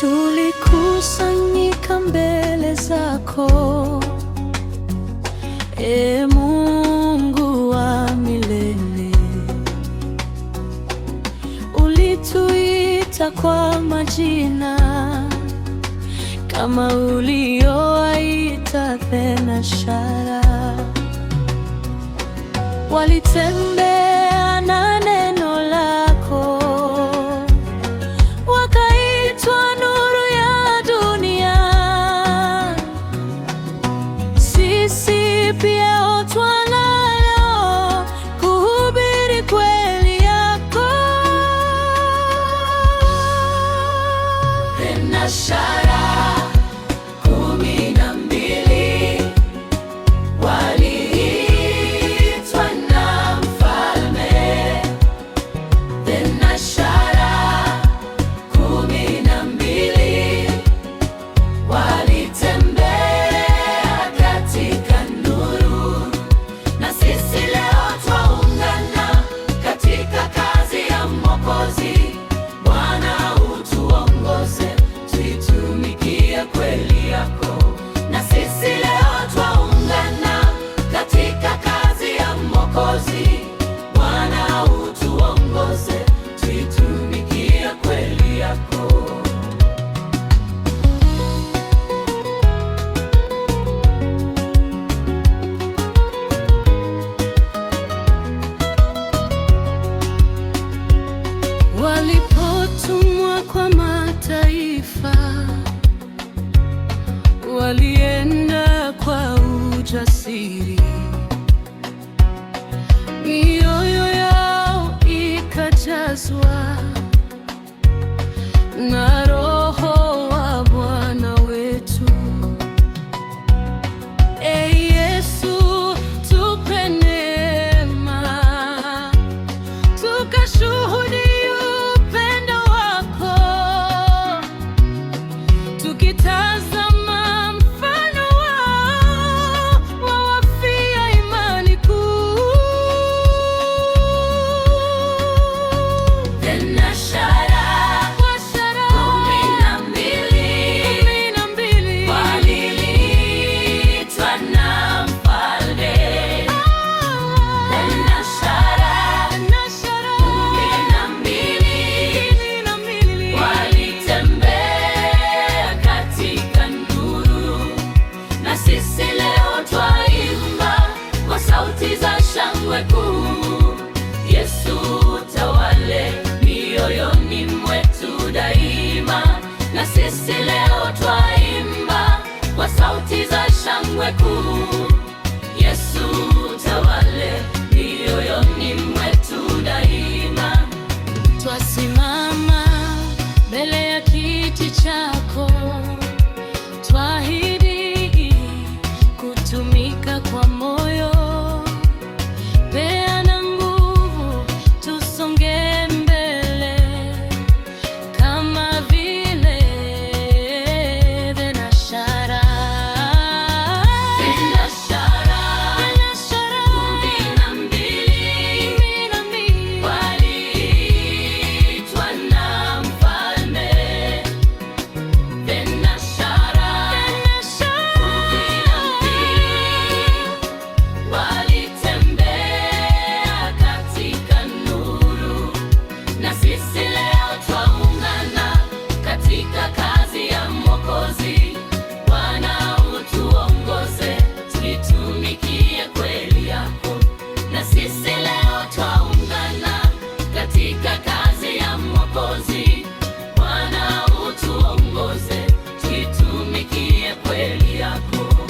Tulikusanyika mbele zako, e Mungu kuita kwa majina kama uliowaita Thenashara. Walitembea na siri, mioyo yao ikajazwa na Roho wa Bwana wetu. E Yesu, tupe neema tukashuhudie upendo wako tukitaza sauti za shangwe kuu, Yesu tawale mioyoni mwetu daima, na sisi leo twaimba kwa sauti za shangwe kuu. nifikie kweli yako